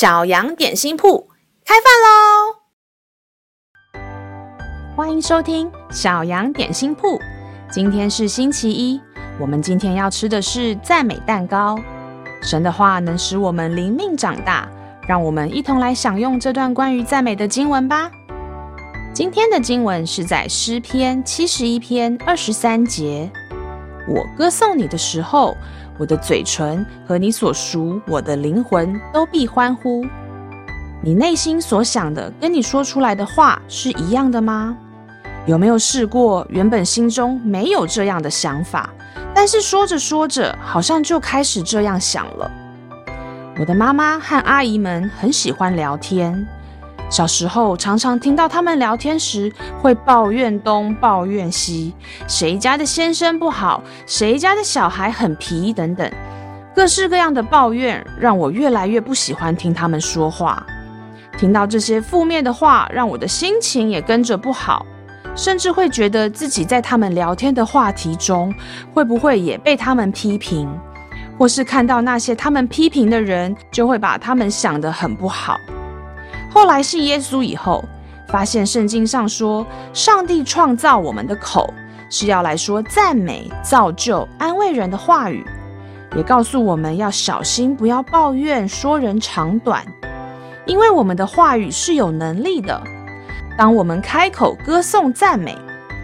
小羊點心鋪開飯嘍！歡迎收聽小羊點心鋪。今天是星期一，我們今天要吃的是讚美蛋糕。神的話能使我們靈命長大，讓我們一同來享用這段關於讚美的經文吧。今天的經文是在詩篇七十一篇二十三節。我歌頌你的時候，我的嘴唇和你所贖的我的靈魂都必歡呼。你內心所想的跟你說出來的話是一樣的嗎？有沒有試過，原本心中沒有這樣的想法，但是說着說着，好像就開始這樣想了？我的媽媽和阿姨們很喜歡聊天。小時候常常聽到他們聊天時會抱怨東抱怨西，誰家的先生不好，誰家的小孩很皮等等，各式各樣的抱怨讓我越來越不喜歡聽他們說話。聽到這些負面的話，讓我的心情也跟着不好，甚至會覺得自己在他們聊天的話題中會不會也被他們批評，或是看到那些他們批評的人，就會把他們想得很不好。後來信耶穌以後發現聖經上說，上帝創造我們的口是要來說讚美、造就、安慰人的話語，也告訴我們要小心，不要抱怨、說人長短，因為我們的話語是有能力的。當我們開口歌頌讚美，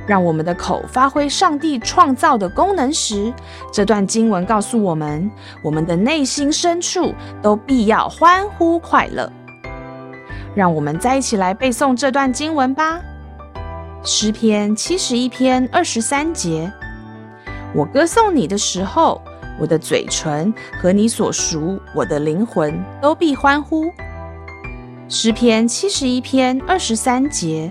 讓我們的口發揮上帝創造的功能時，這段經文告訴我們，我們的內心深處都必要歡呼快樂。讓我們再一起來背誦這段經文吧，《詩篇》七十一篇二十三節：我歌頌你的時候，我的嘴唇和你所贖我的靈魂都必歡呼。《詩篇》七十一篇二十三節：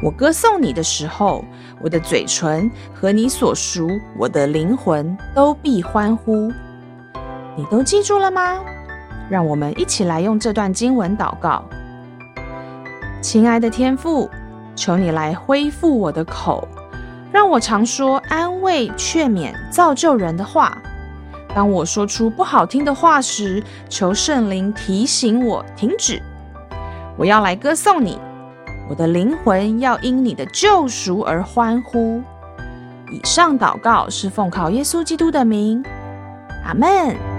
我歌頌你的時候，我的嘴唇和你所贖我的靈魂都必歡呼。你都記住了嗎？讓我們一起來用這段經文禱告。親愛的天父，求你來恢復我的口，讓我常說安慰、勸勉、造就人的話。當我說出不好聽的話時，求聖靈提醒我停止。我要來歌頌你，我的靈魂要因你的救贖而歡呼。以上禱告是奉靠耶穌基督的名。阿門。